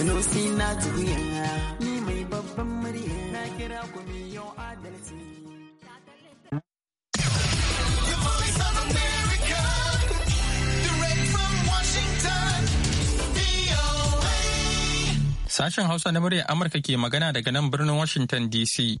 Kano sai na juya ni mai babban murya na kira ku yau adalci. Sashen Hausa na muryar Amurka ke magana daga nan birnin Washington DC.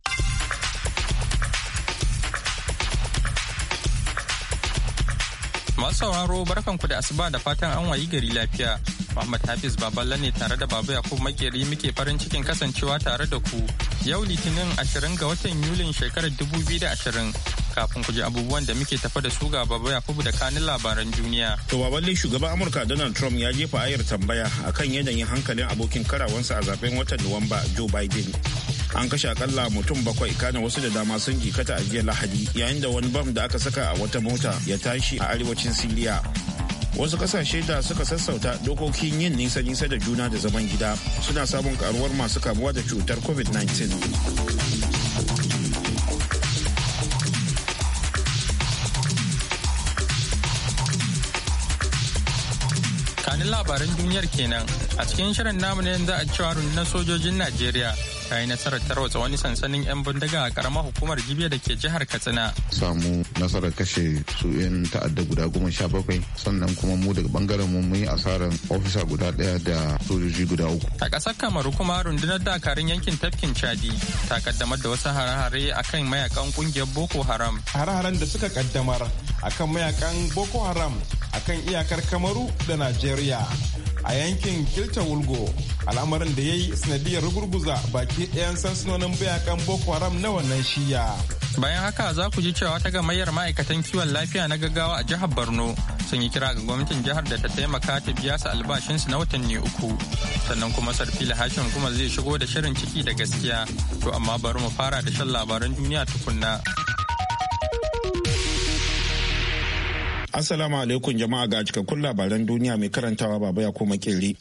Masu sauraro ku da asuba da fatan an wayi gari lafiya. Muhammad Hafiz Baballa ne tare da Baba Yakub Makeri muke farin cikin kasancewa tare da ku. Yau Litinin ashirin ga watan Yulin shekarar dubu biyu da ashirin kafin ku ji abubuwan da muke tafa da su ga Baba Yakub da kanin labaran duniya. To Baballe shugaban Amurka Donald Trump ya jefa ayar tambaya akan yanayin hankalin abokin karawansa a zaben watan Nuwamba Joe Biden. an kashe akalla mutum bakwai kana wasu da dama sun jikata a jiya lahadi yayin da wani bam da aka saka a wata mota ya tashi a arewacin siriya wasu kasashe da suka sassauta dokokin yin nisa nisa da juna da zaman gida suna samun karuwar masu kamuwa da cutar covid-19 kanin labaran duniyar kenan a cikin shirin namu ne za a cewa na sojojin najeriya ta yi nasarar tarwatsa wani sansanin 'yan bindiga a karamar hukumar jibiya da ke jihar katsina samu nasarar kashe su 'yan ta'adda guda goma sha bakwai sannan kuma mu daga bangaren mu mun yi asarar ofisa guda daya da sojoji guda uku a ƙasar kamaru kuma rundunar dakarun yankin tafkin chadi ta kaddamar da wasu hare-hare akan mayakan kungiyar boko haram hare-haren da suka kaddamar akan mayakan boko haram akan iyakar kamaru da najeriya a yankin Kilta Wulgo, al'amarin da ya yi sanadiyar rugurguza baki ɗayan sansunonin bayakan Boko Haram na wannan shiya. Bayan haka za ku ji cewa ta gamayyar ma'aikatan kiwon lafiya na gaggawa a jihar Borno sun yi kira ga gwamnatin jihar da ta taimaka ta biya su albashinsu na watanni uku. Sannan kuma Sarfila Hashim kuma zai shigo da shirin ciki da gaskiya. To amma bari mu fara da shan labaran duniya tukunna. Assalamu alaikum jama'a ga cikakkun labaran duniya mai karantawa baba ya koma kiri.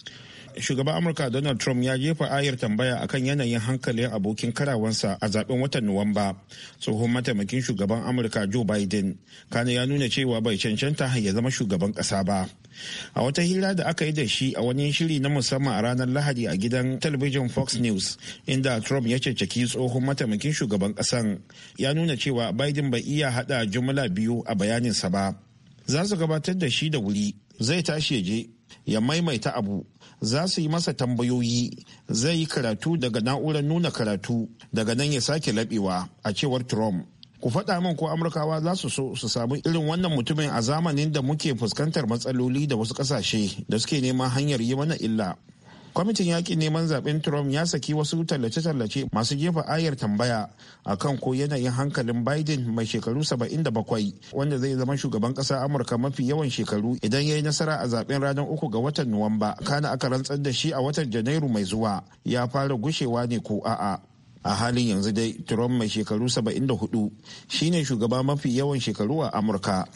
Shugaban Amurka Donald Trump ya jefa ayar tambaya akan yanayin hankalin abokin karawansa a zaben watan Nuwamba. Tsohon mataimakin shugaban Amurka Joe Biden kana ya nuna cewa bai cancanta ya zama shugaban kasa ba. A wata hira da aka yi da shi a wani shiri na musamman a ranar Lahadi a gidan talabijin Fox News inda Trump ya ceceki tsohon mataimakin shugaban ƙasan ya nuna cewa Biden bai iya haɗa jumla biyu a bayaninsa ba. za su gabatar da shi da wuri zai tashi ya je ya maimaita abu za su yi masa tambayoyi zai yi karatu daga na'urar nuna karatu daga nan ya sake labewa a cewar trump ku faɗa min ko amurkawa za su so su samu irin wannan mutumin a zamanin da muke fuskantar matsaloli da wasu ƙasashe da suke neman hanyar yi mana illa kwamitin yakin neman zaben trump ya saki wasu tallace-tallace masu jefa ayar tambaya akan ko yanayin hankalin biden mai shekaru 77 wanda zai zama shugaban ƙasa amurka mafi yawan shekaru idan ya yi nasara a zaben ranar uku ga watan nuwamba kana aka rantsar da shi a watan janairu mai zuwa ya fara gushewa ne ko a'a a halin yanzu dai trump mai shekaru 74 shine shugaba mafi yawan shekaru a amurka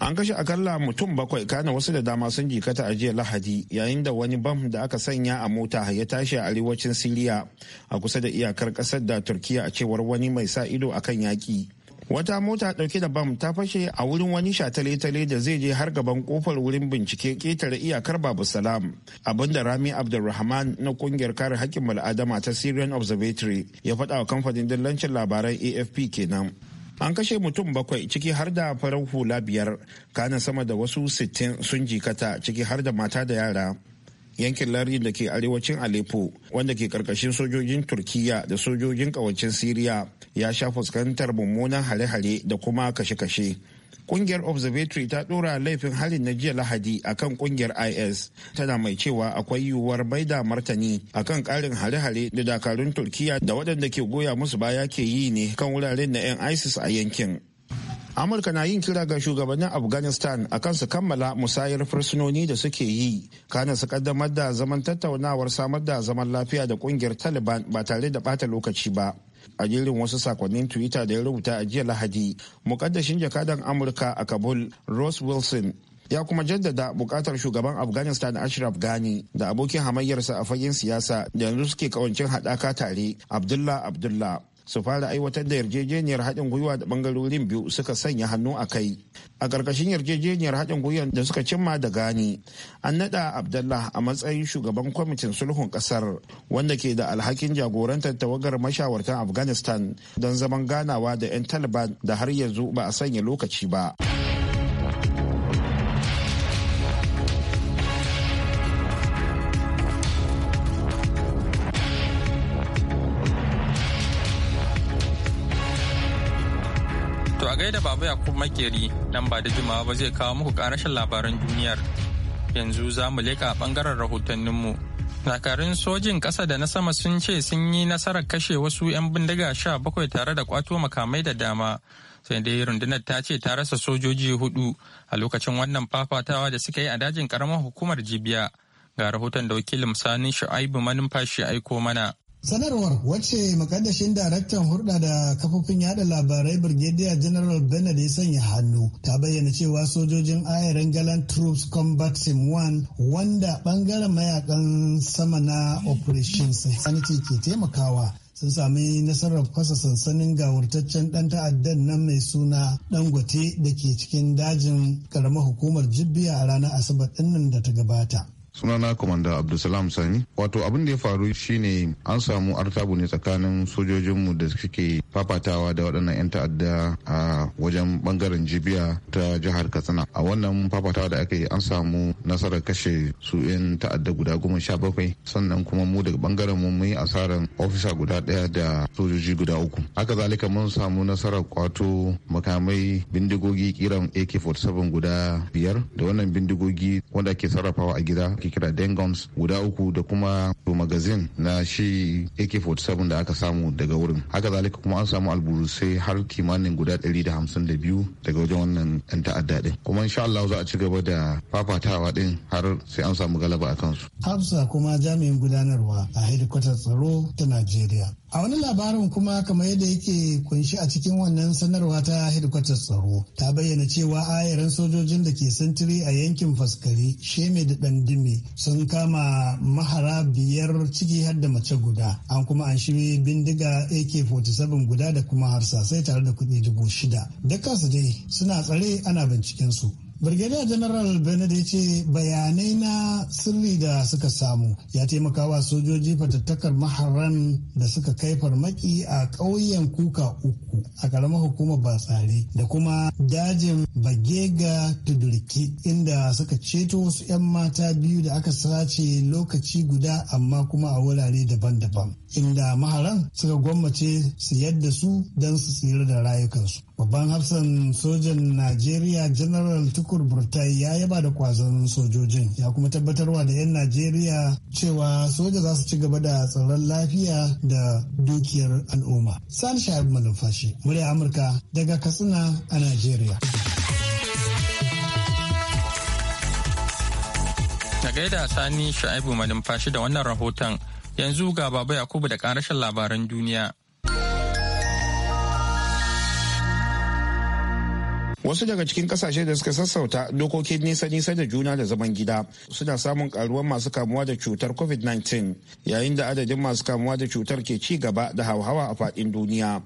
an kashe akalla mutum bakwai kana wasu da dama sun jikata a jiya lahadi yayin da wani bam da aka sanya a mota ya tashi a arewacin siriya a kusa da iyakar kasar da turkiya a cewar wani mai sa ido akan yaƙi. wata mota dauke da bam ta fashe a wurin wani shatale-tale da zai je har gaban kofar wurin bincike ketare iyakar babu salam abinda rami abdulrahman na kungiyar kare hakkin bal'adama ta syrian observatory ya faɗa wa kamfanin dillancin labaran afp kenan an kashe mutum bakwai ciki har da farar hula biyar kana sama da wasu sittin sun jikata ciki har da mata da yara yankin lardin da ke arewacin aleppo wanda ke karkashin sojojin turkiya da sojojin kawancin siriya ya sha fuskantar mummunan hare-hare da kuma kashe-kashe kungiyar observatory ta dora laifin halin na jiya lahadi akan kungiyar is tana mai cewa akwai yiwuwar da martani akan karin hare-hare da dakarun turkiya da waɗanda ke goya musu baya ke yi ne kan wuraren na 'yan isis a yankin amurka na yin kira ga shugabannin afghanistan akan su kammala musayar fursunoni da suke yi kana su kaddamar da zaman tattaunawar samar da zaman lafiya da kungiyar taliban ba tare da bata lokaci ba a jirin wasu sakonnin twitter da ya rubuta a jiya lahadi mukaddashin jakadan amurka a kabul ross wilson ya kuma jaddada bukatar shugaban afghanistan ashraf ghani da abokin hamayyarsa a fagen siyasa da yanzu suke kawancin haɗaka tare abdullah abdullah su fara aiwatar da yarjejeniyar haɗin gwiwa da ɓangarorin biyu suka sanya hannu a kai a ƙarƙashin yarjejeniyar haɗin gwiwa da suka cimma da gani an naɗa abdallah a matsayin shugaban kwamitin sulhun ƙasar wanda ke da alhakin jagorantar tawagar mashawartan afghanistan don zaman ganawa da 'yan taliban da har yanzu ba a sanya lokaci ba. Baba kuma Makeri nan ba da jimawa ba zai kawo muku karashin labaran duniyar. Yanzu za mu leƙa ɓangaren rahotanninmu. Dakarun sojin ƙasa da na sama sun ce sun yi nasarar kashe wasu 'yan bindiga sha bakwai tare da kwato makamai da dama. Sai dai rundunar ta ce ta rasa sojoji hudu a lokacin wannan fafatawa da suka yi a dajin karamar hukumar Jibiya. Ga rahoton da wakilin Sani Shu'aibu Manumfashi aiko mana. Sanarwar wacce makaddashin daraktan hulɗa da kafofin yada labarai birgediya General Bernard ya sanya hannu ta bayyana cewa sojojin ayaran galan Troops Combat Team 1 wanda bangaren mayakan sama na Operation Sanity ke taimakawa sun sami nasarar fasa sansanin gawurtaccen ɗan ta'addan nan mai suna dangote da ke cikin dajin karamar hukumar jibbiya a ranar asabar ɗinnan da ta gabata sunana komanda abdulsalam sani wato abin da ya faru shine an samu artabu ne tsakanin sojojinmu da suke fafatawa da waɗannan 'yan ta'adda a wajen bangaren jibiya ta jihar katsina a wannan fafatawa da aka yi an samu nasarar kashe su 'yan ta'adda guda goma sha bakwai sannan kuma mu daga bangaren mu mun yi asarar ofisa guda ɗaya da sojoji guda uku haka zalika mun samu nasarar kwato makamai bindigogi kiran ak-47 guda biyar da wannan bindigogi wanda ke sarrafawa a gida ake kira dengoms guda uku da kuma magazin na shi ak-47 da aka samu daga wurin haka zalika kuma an samu alburusai har kimanin guda 152 daga wajen wannan yan ta'adda din kuma insha Allah za a ci gaba da fafatawa din har sai an samu galaba a kansu hafsa kuma jami'in gudanarwa a hedikwatar tsaro ta najeriya A wani labarin kuma kamar yadda yake kunshi a cikin wannan sanarwa ta hedikwatar tsaro ta bayyana cewa ayaran sojojin da ke sentiri a yankin faskari sheme da dandime sun kama mahara biyar ciki har da mace guda an kuma an shi bindiga AK-47 guda da kuma harsasai tare da kuɗi dubu shida. Dukkansu dai suna tsare ana binciken su. Brigadier General Benard ya ce bayanai na sirri da suka samu ya taimakawa sojoji fatattakar maharan da suka kai farmaki a ƙauyen kuka uku a ƙaramar hukumar batsari da kuma dajin bagega tudurki inda suka ceto wasu 'yan mata biyu da aka sace lokaci guda amma kuma a wurare daban-daban inda maharan suka gwammace su yadda su don su tsira da rayukansu. Babban hafsan sojan Najeriya General Tukur Burtai ya yaba da kwazon sojojin ya kuma tabbatarwa da 'yan Najeriya cewa soja za su ci gaba da tsaron lafiya da dukiyar al'umma. Sani Shahab Malumfashi, murya Amurka daga Katsina a Najeriya. Ta gaida Sani Sha'ibu Malumfashi da wannan rahoton yanzu ga Baba Yakubu da ƙarashin labaran duniya. wasu daga cikin kasashe da suka sassauta dokokin nisa-nisa da juna da zaman gida suna samun karuwar masu kamuwa da cutar covid-19 yayin da adadin masu kamuwa da cutar ke ci gaba da hauhawa a fadin duniya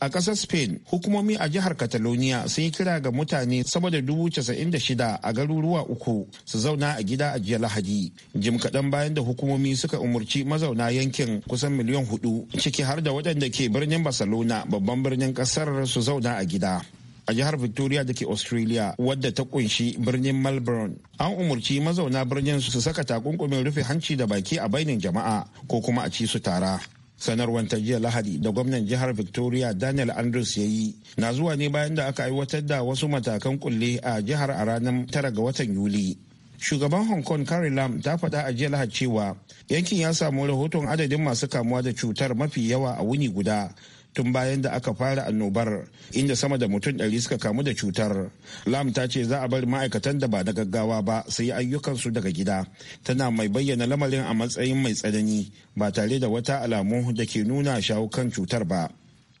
a ƙasar spain hukumomi a jihar catalonia sun yi kira ga mutane sama da dubu casa'in da shida a garuruwa uku su zauna a gida a jiya lahadi jim kaɗan bayan da hukumomi suka umarci mazauna yankin kusan miliyan hudu ciki har da waɗanda ke birnin barcelona babban birnin ƙasar su zauna a gida a jihar victoria da ke australia wadda ta kunshi birnin melbourne an umarci mazauna birnin su saka takunkumin rufe hanci da baki a bainin jama'a ko kuma a ci su tara sanarwar ta jiya lahadi da gwamnan jihar victoria daniel andrews ya yi na zuwa ne bayan da aka aiwatar da wasu matakan kulle a jihar a ranar tara ga watan yuli shugaban hong kong kari lam ta fada a jiya lahadi cewa yankin ya samu rahoton adadin masu kamuwa da cutar mafi yawa a wuni guda tun bayan da aka fara annobar inda sama da mutum ɗari suka kamu da cutar lam ta ce za a bari ma'aikatan da ba na gaggawa ba su yi ayyukansu daga gida tana mai bayyana lamarin a matsayin mai tsanani ba tare da wata alamu da ke nuna shawo kan cutar ba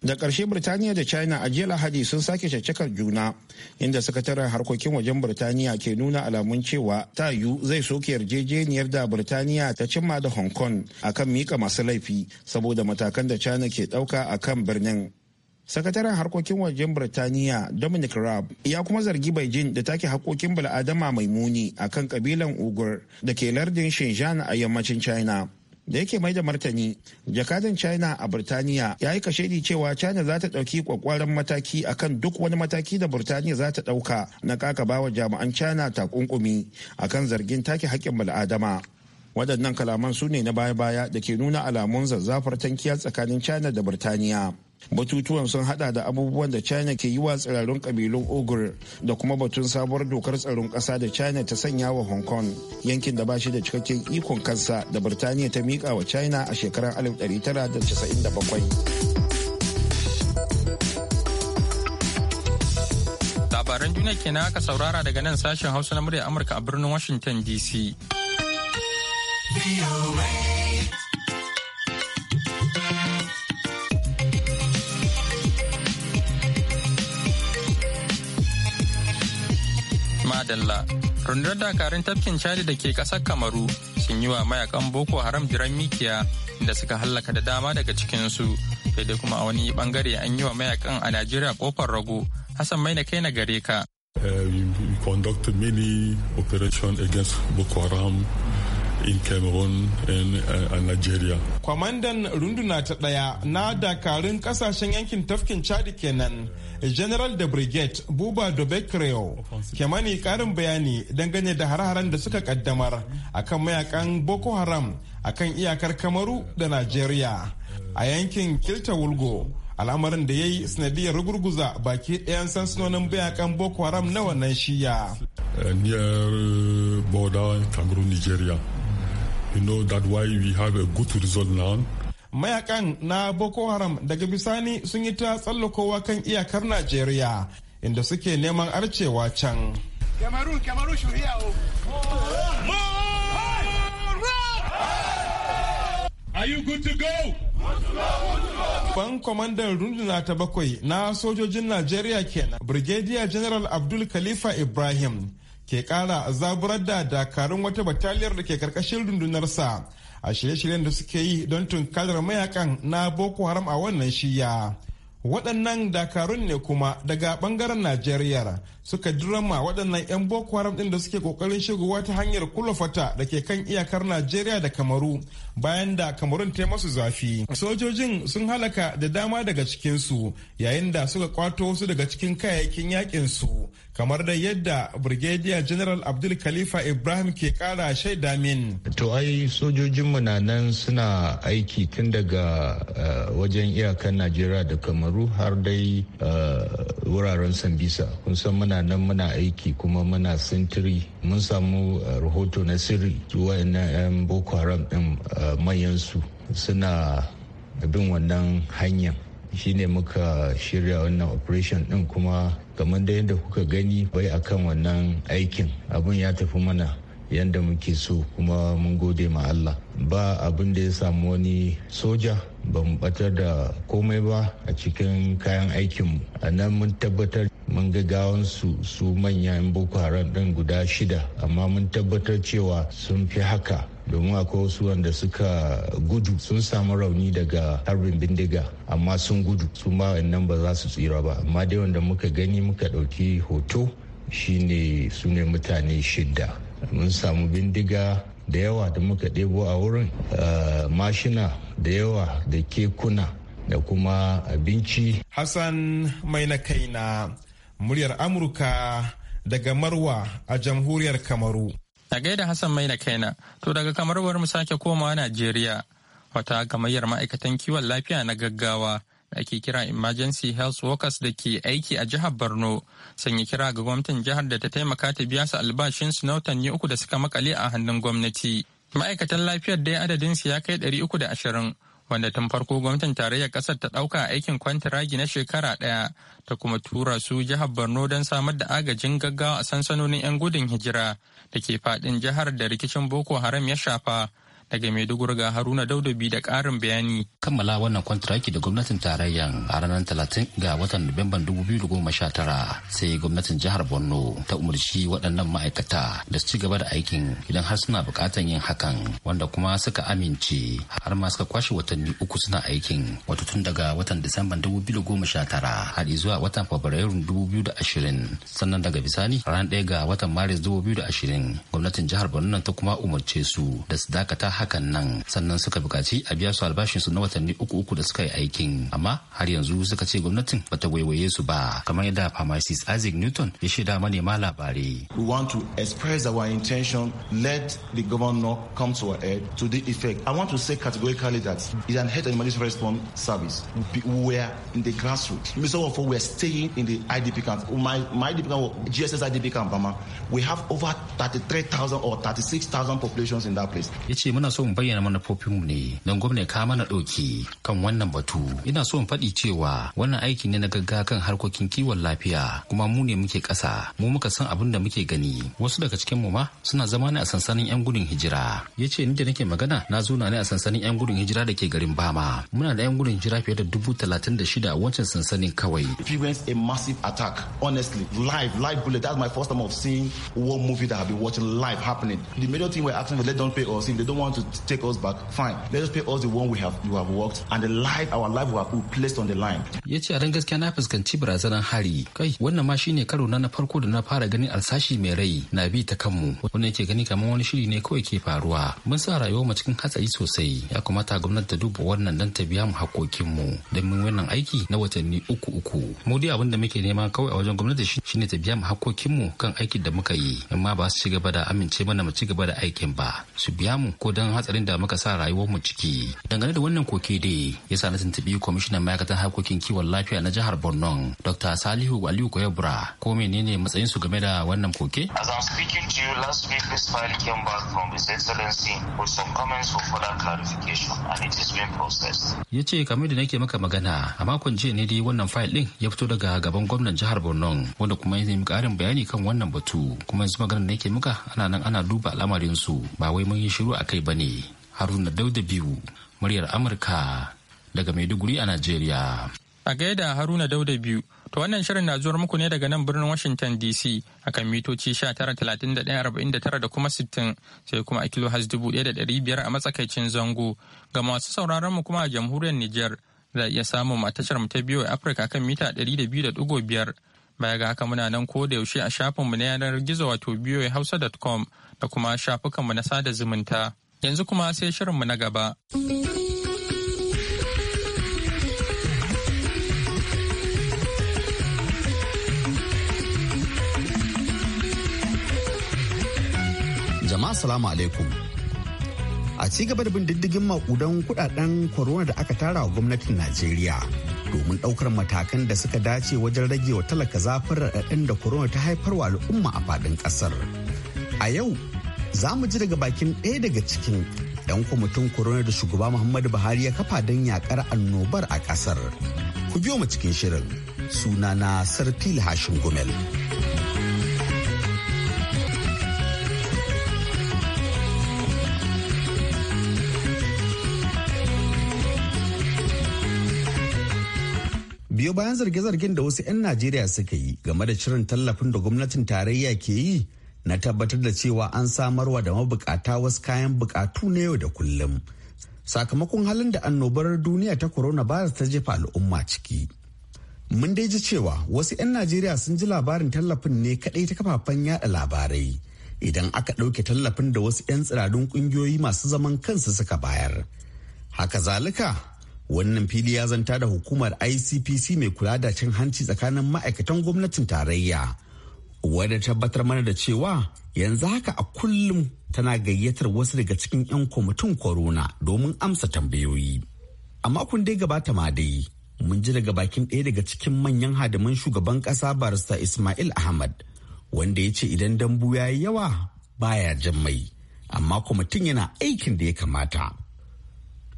da ƙarshe birtaniya da china a jiya lahadi sun sake caccakar juna inda sakataren harkokin wajen birtaniya ke nuna alamun cewa ta yu zai soke yarjejeniyar da birtaniya ta cimma da hong kong akan mika masu laifi saboda matakan da china ke ɗauka akan birnin sakataren harkokin wajen birtaniya dominic rab ya kuma zargi beijing da take hakokin bala'adama mai muni akan kabilan ugur da ke lardin shenzhen a yammacin china da yake mai da martani jakadan china a birtaniya ya yi kashedi cewa china za ta ɗauki kwakwaran mataki akan duk wani mataki da birtaniya za ta ɗauka na kaka bawa jami'an china takunkumi akan zargin take haƙƙin bal'adama waɗannan kalaman su ne na baya-baya da ke nuna alamun zazzafar tankiya tsakanin china da birtaniya. batutuwan sun hada da abubuwan da china ke yi wa tsirarun kabilun ogur da kuma batun sabuwar dokar tsaron kasa da china ta sanya wa hong kong yankin da ba shi da cikakken ikon kansa da birtaniya ta miƙa wa china a shekarar 1997 labaran duniya kenan aka saurara daga nan sashen hausa na murya amurka a birnin washington dc Dalla. Rundunar dakarun tafkin Chadi da ke ƙasar Kamaru sun yi wa mayakan Boko Haram jiran mikiya da suka hallaka da dama daga cikinsu. Sai dai kuma a wani bangare an yi wa mayakan a Najeriya kofar rago. Hassan mai na kai na gare ka. Eh, we conducted many operations against Boko in Cameroon and, uh, Nigeria. Kwamandan runduna ta ɗaya na dakarun ƙasashen yankin tafkin Chadi kenan general da brigade buba dobekreo ke mani karin bayani dangane da har-haren da suka kaddamar akan mayakan boko haram akan iyakar kamaru da najeriya a yankin kilta wulgo al'amarin da ya yi sanadiyar rugurguza baki ɗayan sansanonin bayakan boko haram na wannan shiya near uh, border cameroon nigeria you know that why we have a good result now mayakan na boko haram daga bisani sun yi ta tsallakowa kan iyakar najeriya inda suke neman arcewa can Ban kwamandan runduna ta bakwai na sojojin Najeriya kenan, Brigadier General Abdul Khalifa Ibrahim ke kara zaburar da dakarun wata bataliyar da ke karkashin rundunarsa a shirye-shiryen da suke yi don tunkarar mayakan na boko haram a wannan shiya waɗannan dakarun ne kuma daga ɓangaren najeriya suka dirama waɗannan 'yan boko haram ɗin da suke ƙoƙarin shigowa ta hanyar kulafata da ke kan iyakar najeriya da kamaru bayan da kamarun ta masu zafi sojojin sun halaka da dama daga cikinsu yayin da suka kwato wasu daga cikin kayayyakin yakin kamar da yadda brigadier general abdul khalifa ibrahim ke kara shaida min to ai sojojinmu na nan suna aiki tun daga eh, wajen iyakar najeriya da kamaru shekaru har dai eh, wuraren sambisa kun san muna nan muna aiki kuma muna sintiri mun samu eh, rahoto na sirri zuwa 'yan boko haram din eh, su suna bin wannan hanyar shine muka shirya wannan operation din kuma kamar da yadda kuka gani bai akan wannan aikin abin ya tafi mana yadda muke so kuma mun gode ma Allah ba abin da ya samu wani soja ba mu batar da komai ba a cikin kayan aikinmu a nan mun tabbatar mun ga gawansu su manyan boko haram ɗin guda shida amma mun tabbatar cewa sun fi haka domin akwai wasu wanda suka gudu sun samu rauni daga harbin bindiga amma sun gudu su ma nan ba za su tsira ba amma dai wanda muka gani muka ɗauki hoto shine su ne mutane shidda mun samu bindiga da yawa da muka ɗebo a wurin eh, mashina da yawa da kekuna da kuma abinci. Hassan mai na kaina muryar Amurka daga Marwa a jamhuriyar Kamaru. A gaida Hassan mai na kaina, to daga Kamaru mu sake komawa Najeriya. Wata gamayyar ma'aikatan kiwon lafiya na gaggawa da ake kira emergency health workers da ke aiki a jihar borno sanya kira ga gwamnatin jihar da ta taimaka ta biya su albashin albashinsu na watanni uku da suka makale a hannun gwamnati ma'aikatan lafiyar dai su ya kai ɗari uku da ashirin wanda tun farko gwamnatin tarayyar ƙasar ta ɗauka aikin kwantiragi na shekara ɗaya ta kuma tura su jihar borno don samar da agajin gaggawa a sansanonin 'yan gudun hijira da ke faɗin jihar da rikicin boko haram ya shafa Daga Maiduguri ga Haruna Daudabi da ƙarin bayani. Kammala wannan kwantiraki da gwamnatin tarayyan a ranar 30 ga watan Nuwamban 2019 sai gwamnatin jihar Borno ta umarci waɗannan ma'aikata da su ci gaba da aikin idan har suna buƙatar yin hakan wanda kuma suka amince har ma suka kwashe watanni uku suna aikin wato tun daga watan Disamban 2019 har zuwa watan Fabrairun 2020 sannan daga bisani ran ɗaya ga watan Maris 2020 gwamnatin jihar Borno ta kuma umarce su da su dakata hakan nan sannan suka a biya su na watanni uku uku da suka yi aikin amma har yanzu suka ce gwamnatin bata waiwaye su ba kamar yadda pharmacist Isaac Newton ya shaida manema We want to express our intention let the governor come to our aid to the effect. I want to say categorically that it's an health emergency response service. We in the grassroots. Mr. Wafo, we are staying in the IDP camp. My, my IDP camp, GSS IDP camp, Mama. We have over 33,000 or 36,000 populations in that place. ana so mu bayyana manufofinmu ne don gwamnati ka mana ɗauki kan wannan batu ina so in faɗi cewa wannan aiki ne na gaggawa kan harkokin kiwon lafiya kuma mu ne muke ƙasa mu muka san abin da muke gani wasu daga cikin mu ma suna zama ne a sansanin yan gudun hijira ya ce ni da nake magana na zo na ne a sansanin yan gudun hijira da ke garin bama muna da yan gudun hijira fiye da dubu talatin da shida a wancan sansanin kawai. experience a massive attack honestly live live bullet that's my first time of seeing war movie that I've been watching live happening the major thing we're asking for let don't pay us if they don't want want to take us back, fine. Let us pay us the one we have you have worked and the life our life we have placed on the line. Ya ce a ran gaskiya na fuskanci barazanar hari. Kai wannan ma shine karo na na farko da na fara ganin alsashi mai rai na bi ta kanmu. Wannan yake gani kamar wani shiri ne kawai ke faruwa. Mun sa rayuwar mu cikin hatsari sosai. Ya kamata gwamnati ta duba wannan dan ta biya mu hakokin mu. Don mun wannan aiki na watanni uku uku. Mu dai abin da muke nema kawai a wajen gwamnati shine ta biya mu hakokin mu kan aikin da muka yi. Amma ba su ci gaba da amince mana mu ci gaba da aikin ba. Su biya mu ko dan kan hatsarin da muka sa rayuwar mu ciki dangane da wannan koke dai ya sa na tuntubi kwamishinan ma'aikatan harkokin kiwon lafiya na jihar borno dr salihu aliyu koyabra ko menene matsayin su game da wannan koke as i'm speaking to you last week this file came back from his excellency with some comments for further clarification and it is being processed yace kamar da nake maka magana a makon jiya ne dai wannan file din ya fito daga gaban gwamnan jihar borno wanda kuma ya nemi karin bayani kan wannan batu kuma yanzu maganar nake muka ana nan ana duba al'amarin su ba wai mun yi shiru akai ba haruna dauda biyu muryar amurka daga maiduguri a najeriya a gaida haruna dauda biyu to wannan shirin na zuwar muku ne daga nan birnin washington dc a kan mitoci 1931 da kuma 60 sai kuma a kilo has biyar a matsakaicin zango ga masu sauraron mu kuma a jamhuriyar Nijar. za iya samun a tashar mu ta biyu a afirka kan mita 200.5 baya ga haka muna nan ko da yaushe a shafinmu na yanar gizo wato biyu hausa.com da kuma shafukanmu na sada zumunta. Yanzu kuma sai shirinmu na gaba. Jama'a salamu alaikum. A ci gaba da bin diddigin makudan kudaden korona da aka tara wa gwamnatin Najeriya domin daukar matakan da suka dace wajen rage wa talaka zafin raɗaɗin da korona ta haifarwa al'umma a faɗin ƙasar. A yau za mu ji daga bakin ɗaya daga cikin ɗan kwamitin korona da shugaba muhammadu buhari ya kafa don yakar annobar a ƙasar ku biyo mu cikin shirin suna na sarfil hashin gumel biyo bayan zarge-zargen da wasu 'yan najeriya suka yi game da shirin tallafin da gwamnatin tarayya ke yi na tabbatar da cewa an samarwa da mabukata wasu kayan bukatu na yau da kullum sakamakon halin da annobar duniya ta coronavirus ta jefa al'umma ciki mun dai ji cewa wasu 'yan najeriya sun ji labarin tallafin ne kadai ta kafafen yada labarai idan aka ɗauke tallafin da wasu 'yan tsiradun ƙungiyoyi masu zaman kansu suka bayar haka zalika wannan fili ya zanta da hukumar icpc mai kula da cin hanci tsakanin ma'aikatan gwamnatin tarayya wadda tabbatar mana da cewa yanzu haka a kullum tana gayyatar wasu daga cikin 'yan kwamitin korona domin amsa tambayoyi. A makon dai gabata ma dai, mun ji daga bakin ɗaya daga cikin manyan hadiman shugaban ƙasa barista Ismail Ahmad, wanda ya ce idan dambu ya yi yawa baya jan mai, amma kwamitin yana aikin da ya kamata.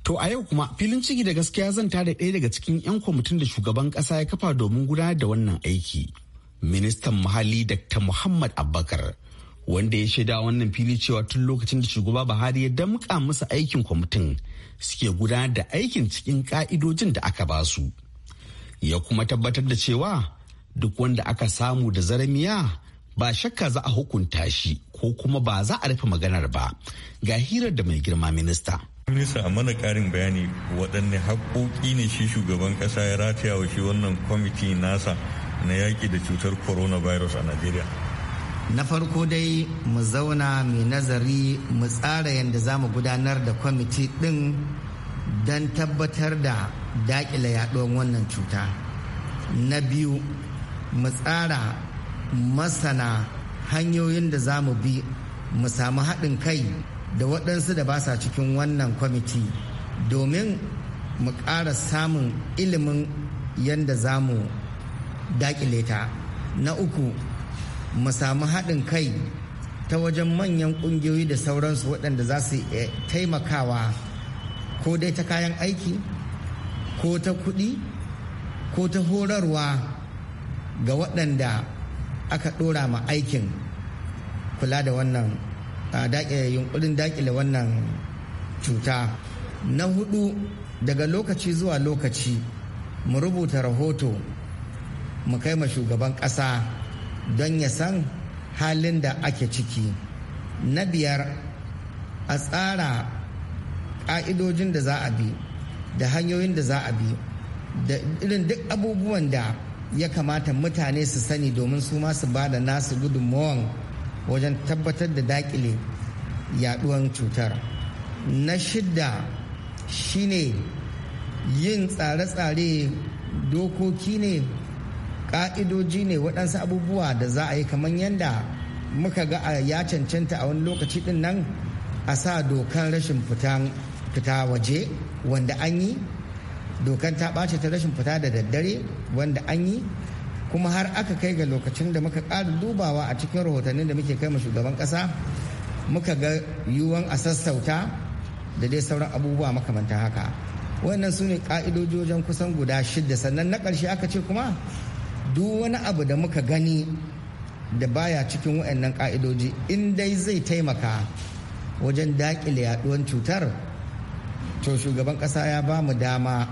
To a yau kuma filin ciki da gaskiya zan tada ɗaya daga cikin 'yan kwamitin da shugaban ƙasa ya kafa domin gudanar da wannan aiki. ministan muhalli dr muhammad abubakar wanda ya shaida wannan fili cewa tun lokacin da shugaba buhari ya damƙa musu aikin kwamitin suke gudanar da aikin cikin ka'idojin da aka ba su ya kuma tabbatar da cewa duk wanda aka samu da zaramiya ba shakka za a hukunta shi ko kuma ba za a rufe maganar ba ga hirar da mai girma minista minista a mana karin bayani waɗanne haƙoƙi ne shi shugaban ƙasa ya rataya wa shi wannan kwamiti nasa na yaƙi da cutar coronavirus a najeriya na farko dai mu zauna mai nazari mu tsara yadda za mu gudanar da kwamiti ɗin don tabbatar da daƙila yaɗuwar wannan cuta na biyu mu tsara masana hanyoyin da za mu bi mu samu haɗin kai da waɗansu da ba sa cikin wannan kwamiti domin mu ƙara samun ilimin yadda za mu dakile ta na uku mu samu haɗin kai ta wajen manyan ƙungiyoyi da sauransu waɗanda za su taimakawa ko dai ta kayan aiki ko ta kuɗi ko ta horarwa ga waɗanda aka ɗora ma aikin kula da wannan yunkurin daƙile wannan cuta na hudu daga lokaci zuwa lokaci mu rubuta rahoto mu kai ma shugaban ƙasa don ya san halin da ake ciki na biyar a tsara ƙa'idojin da za a bi da hanyoyin da za a bi da irin duk abubuwan da ya kamata mutane su sani domin su ma su ba da nasu gudunmawan wajen tabbatar da dakile yaduwan cutar na shidda shine yin tsare-tsare dokoki ne ka'idoji ne waɗansu abubuwa da za a yi kamar yadda muka ga a ya cancanta a wani lokaci ɗin nan a sa dokan rashin fita waje wanda an yi dokan ta ɓace ta rashin fita da daddare wanda an yi kuma har aka kai ga lokacin da muka ƙara dubawa a cikin rahotannin da muke kai ma shugaban ƙasa muka ga yiwuwan a sassauta da dai sauran abubuwa makamanta haka wannan su ne ƙa'idoji wajen kusan guda shida sannan na ƙarshe aka ce kuma duk wani abu da muka gani da baya cikin waɗannan ka'idoji in dai zai taimaka wajen daƙile yaduwan cutar to shugaban ƙasa ya ba mu dama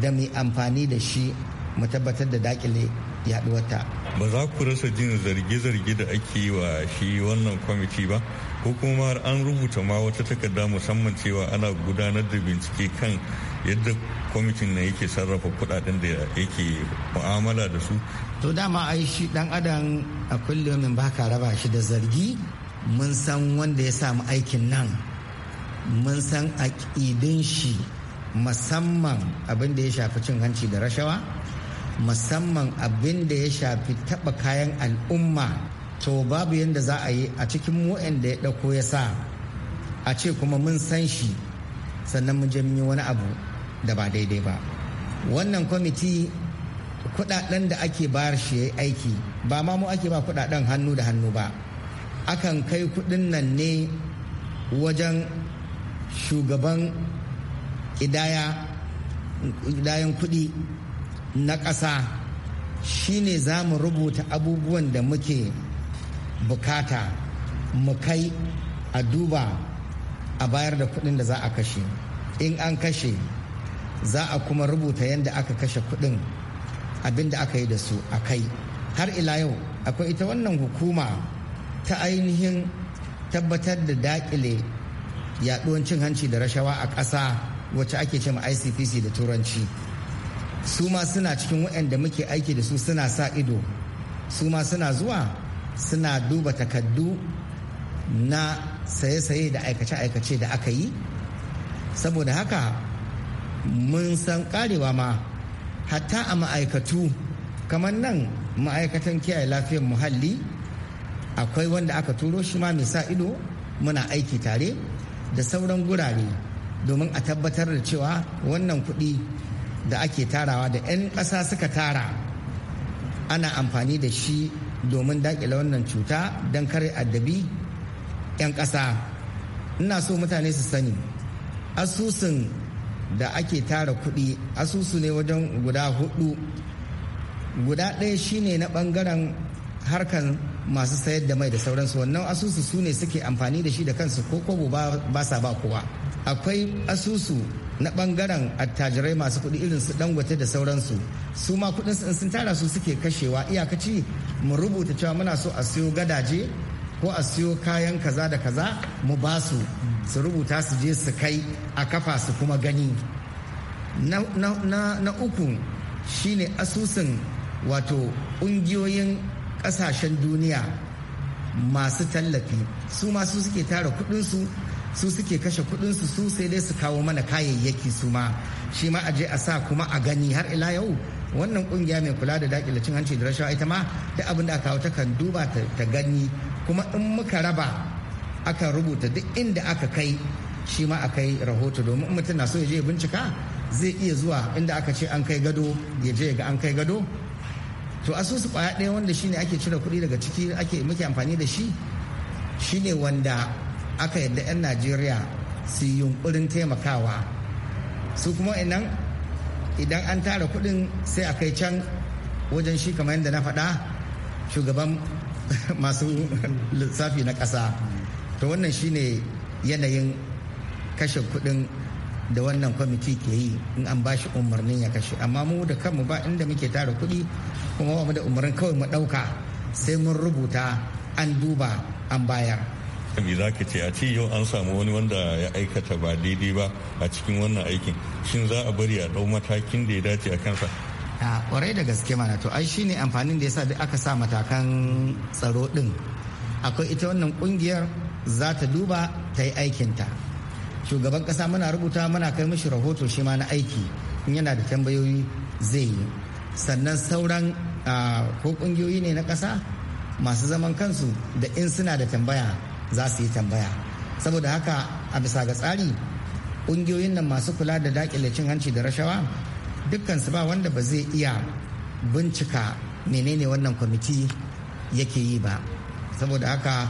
da mu amfani da shi mu tabbatar da daƙile yaduwarta ba za ku rasa jin zarge-zarge da ake yi wa shi wannan kwamiti ba ko kuma an rubuta ma wata takarda musamman cewa ana gudanar da bincike kan yadda kwamitin na yake sarrafa kudaden da yake mu'amala da su to dama ai shi dan adam a kullum ba ka raba shi da zargi mun san wanda ya samu aikin nan mun san aƙidin shi musamman abin da ya shafi cin hanci da rashawa musamman abin da ya shafi taba kayan al'umma to babu yadda za a yi a cikin mu'in da ya ɗauko ya sa a ce kuma mun san shi sannan mun je mun yi wani abu da ba daidai ba wannan kwamiti kudaden da ake bayar shi ya aiki ba ma mu ake ba kudaden hannu da hannu ba akan kai kudin nan ne wajen shugaban idayan kudi na ƙasa shine za mu rubuta abubuwan da muke bukata mu kai a duba a bayar da kudin da za a kashe in an kashe za a kuma rubuta yadda aka kashe kuɗin abin da aka yi da su a kai har ila yau akwai ita wannan hukuma ta ainihin tabbatar da dakile yaɗuwan cin hanci da rashawa a ƙasa wacce ake ce icpc da turanci su ma suna cikin waɗanda muke aiki da su suna sa ido su ma suna zuwa suna duba takaddu na saye-saye da aikace-aikace da aka yi saboda haka mun san karewa ma hatta a ma'aikatu kamar nan ma'aikatan kiyaye lafiyar muhalli akwai wanda aka turo shi ma mai sa ido muna aiki tare da sauran gurare domin a tabbatar da cewa wannan kuɗi da ake tarawa da 'yan ƙasa suka tara ana amfani da shi domin daƙila wannan cuta don kare addabi 'yan ƙasa ina so mutane su sani asusun da ake tara kuɗi asusu ne wajen guda hudu guda ɗaya shine na ɓangaren harkan masu sayar da mai da sauransu wannan asusu su ne suke amfani da shi da kansu ko kobo ba sa ba kowa akwai asusu na bangaren attajirai masu kuɗi irin su dangote da sauransu su ma kuɗin sun tara su suke kashewa iyakaci mu rubuta cewa muna so a siyo gadaje ko a siyo kayan kaza da kaza mu ba su su rubuta su je su kai a kafa su kuma gani na, na, na, na uku shine asusun wato ƙungiyoyin ƙasashen duniya masu tallafi su masu suke tara kudinsu su suke kashe kudinsu su sai dai su kawo mana kayayyaki su ma shi ma aje a sa kuma a gani har ila yau wannan kungiya mai kula da dakile cin hanci da rashawa ita ma duk abin da aka kawo takan duba ta gani kuma in muka raba aka rubuta duk inda aka kai shi ma a kai rahoto domin mutum na so ya je bincika zai iya zuwa inda aka ce an kai gado ya je ga an kai gado to asusu kwaya ɗaya wanda shine ake cire kuɗi daga ciki ake muke amfani da shi Shi ne wanda aka yadda 'yan najeriya su yi yunkurin taimakawa su kuma inan idan an tara kuɗin sai a kai can wajen shi kamar yadda na faɗa shugaban masu lissafi na ƙasa to wannan shine yanayin kashe kuɗin da wannan kwamiti ke yi in an ba shi umarnin ya kashe amma mu da kanmu ba inda muke tara kuɗi kuma ba mu da umarnin kawai mu ɗauka sai mun rubuta an duba an bayar me za ka ce a ce yau an samu wani wanda ya aikata ba daidai ba a cikin wannan aikin shin za a bari a dau matakin da ya dace a kansa a kwarai da gaske mana to ai shine amfanin da yasa duk aka sa matakan tsaro din akwai ita wannan kungiyar za ta duba ta yi aikinta shugaban kasa muna rubuta muna kai mishi rahoto shi ma na aiki in yana da tambayoyi zai yi sannan sauran ko kungiyoyi ne na kasa masu zaman kansu da in suna da tambaya za su yi tambaya saboda haka a bisa ga tsari ƙungiyoyin nan masu kula da daƙile cin hanci da rashawa dukkan su ba wanda ba zai iya bincika menene wannan kwamiti yake yi ba saboda haka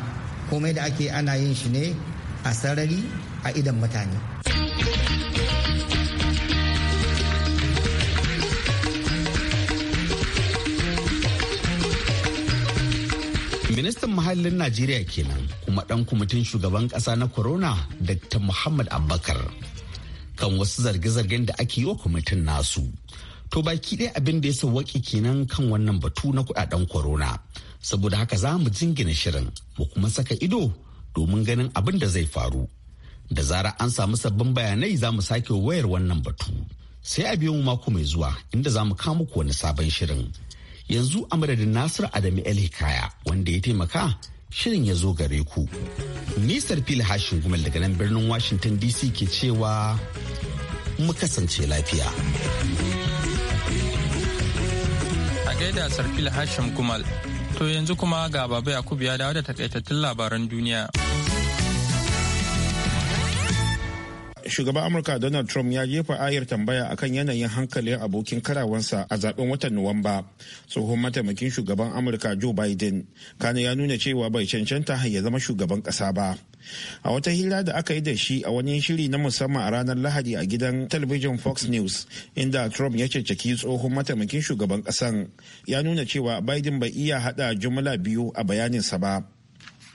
komai da ake ana yin shi ne a sarari a idan mutane. Ministan Muhallin Najeriya kenan kuma ɗan kwamitin shugaban ƙasa na Corona Dr. Muhammad Abubakar kan wasu zarge-zargen da ake yi wa kwamitin nasu. To baki ɗaya abin da ya sauwaƙe kenan kan wannan batu na kuɗaɗen Corona. Saboda haka za mu jingina shirin mu kuma saka ido domin ganin abin da zai faru. Da zara an samu sabbin bayanai za mu sake wayar wannan batu. Sai a biyo mu mako mai zuwa inda za mu kawo muku wani sabon shirin. yanzu a madadin Nasiru Adamu hikaya wanda ya taimaka shirin ya zo gare ku. Nisar fil hashin gumal daga nan birnin Washington DC ke cewa mu kasance lafiya. A gaida sarfil hashim gumal, to yanzu kuma ga baba Yakubu ya dawo da takaitattun labaran duniya. shugaban amurka donald trump ya jefa ayar tambaya akan yanayin hankalin abokin karawansa a zaben watan nuwamba tsohon mataimakin shugaban amurka joe biden kana ya nuna cewa bai cancanta ya zama shugaban kasa ba a wata hira da aka yi da shi a wani shiri na musamman a ranar lahadi a gidan talabijin fox news inda trump ya ceceki tsohon mataimakin shugaban kasan ya nuna cewa biden bai iya hada jumla biyu a bayaninsa ba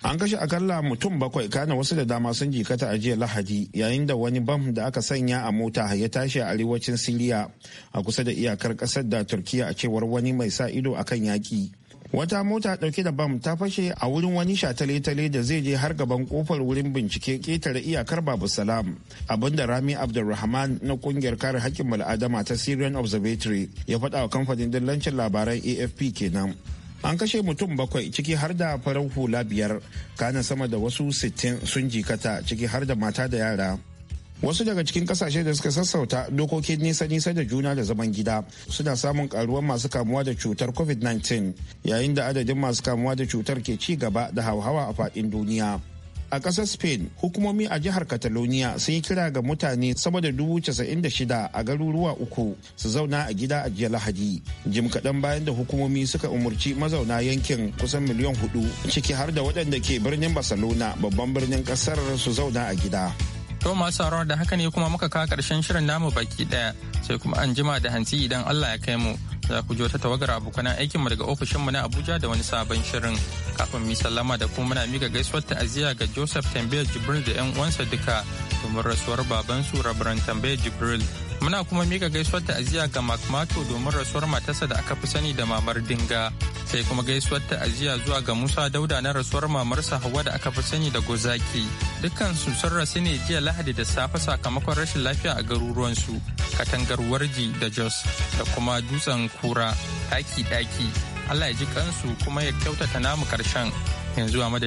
an kashe akalla mutum bakwai kana wasu da dama sun jikata a jiya lahadi yayin da wani bam da aka sanya a mota ya tashi a arewacin siriya a kusa da iyakar kasar da turkiya a cewar wani mai sa ido akan yaki wata mota dauke da bam ta fashe a wurin wani shatale-tale da zai je har gaban kofar wurin bincike ketare iyakar babu salam abinda rami abdulrahman na kungiyar kare hakkin bal'adama ta syrian observatory ya faɗa wa kamfanin dillancin labaran afp kenan an kashe mutum bakwai ciki har da farar hula biyar kana sama da wasu sittin sun jikata ciki har da mata da yara wasu daga cikin kasashe da suka sassauta dokokin nisa-nisa da juna da zaman gida suna samun karuwar masu kamuwa da cutar covid-19 yayin da adadin masu kamuwa da cutar ke ci gaba da hauhawa a faɗin duniya a ƙasar spain hukumomi a jihar catalonia sun yi kira ga mutane sama da dubu casa'in da shida a garuruwa uku su zauna a gida a jiya lahadi jim kaɗan bayan da hukumomi suka umarci mazauna yankin kusan miliyan hudu ciki har da waɗanda ke birnin barcelona babban birnin ƙasar su zauna a gida To masu da haka ne kuma muka kawo karshen shirin namu baki ɗaya sai kuma an jima da hantsi idan Allah ya kai mu za ku ji wata tawagar abokanan aikinmu daga ofishinmu na Abuja da wani sabon shirin. Kafin mi sallama da kuma muna miƙa gaisuwar ta'aziyya ga Joseph Tambayar Jibril da 'yan uwansa duka domin rasuwar baban su Rabran Tambayar Jibril muna kuma mika gaisuwar ta'aziyya ga makmato domin rasuwar matarsa da aka fi sani da mamar dinga sai kuma gaisuwar ta'aziyya zuwa ga musa dauda na rasuwar mamarsa hawa da aka fi sani da gozaki dukkan su sun rasu ne jiya lahadi da safe sakamakon rashin lafiya a garuruwansu katangar warji da jos da kuma dutsen kura daki daki allah ya ji kansu kuma ya kyautata namu karshen yanzu a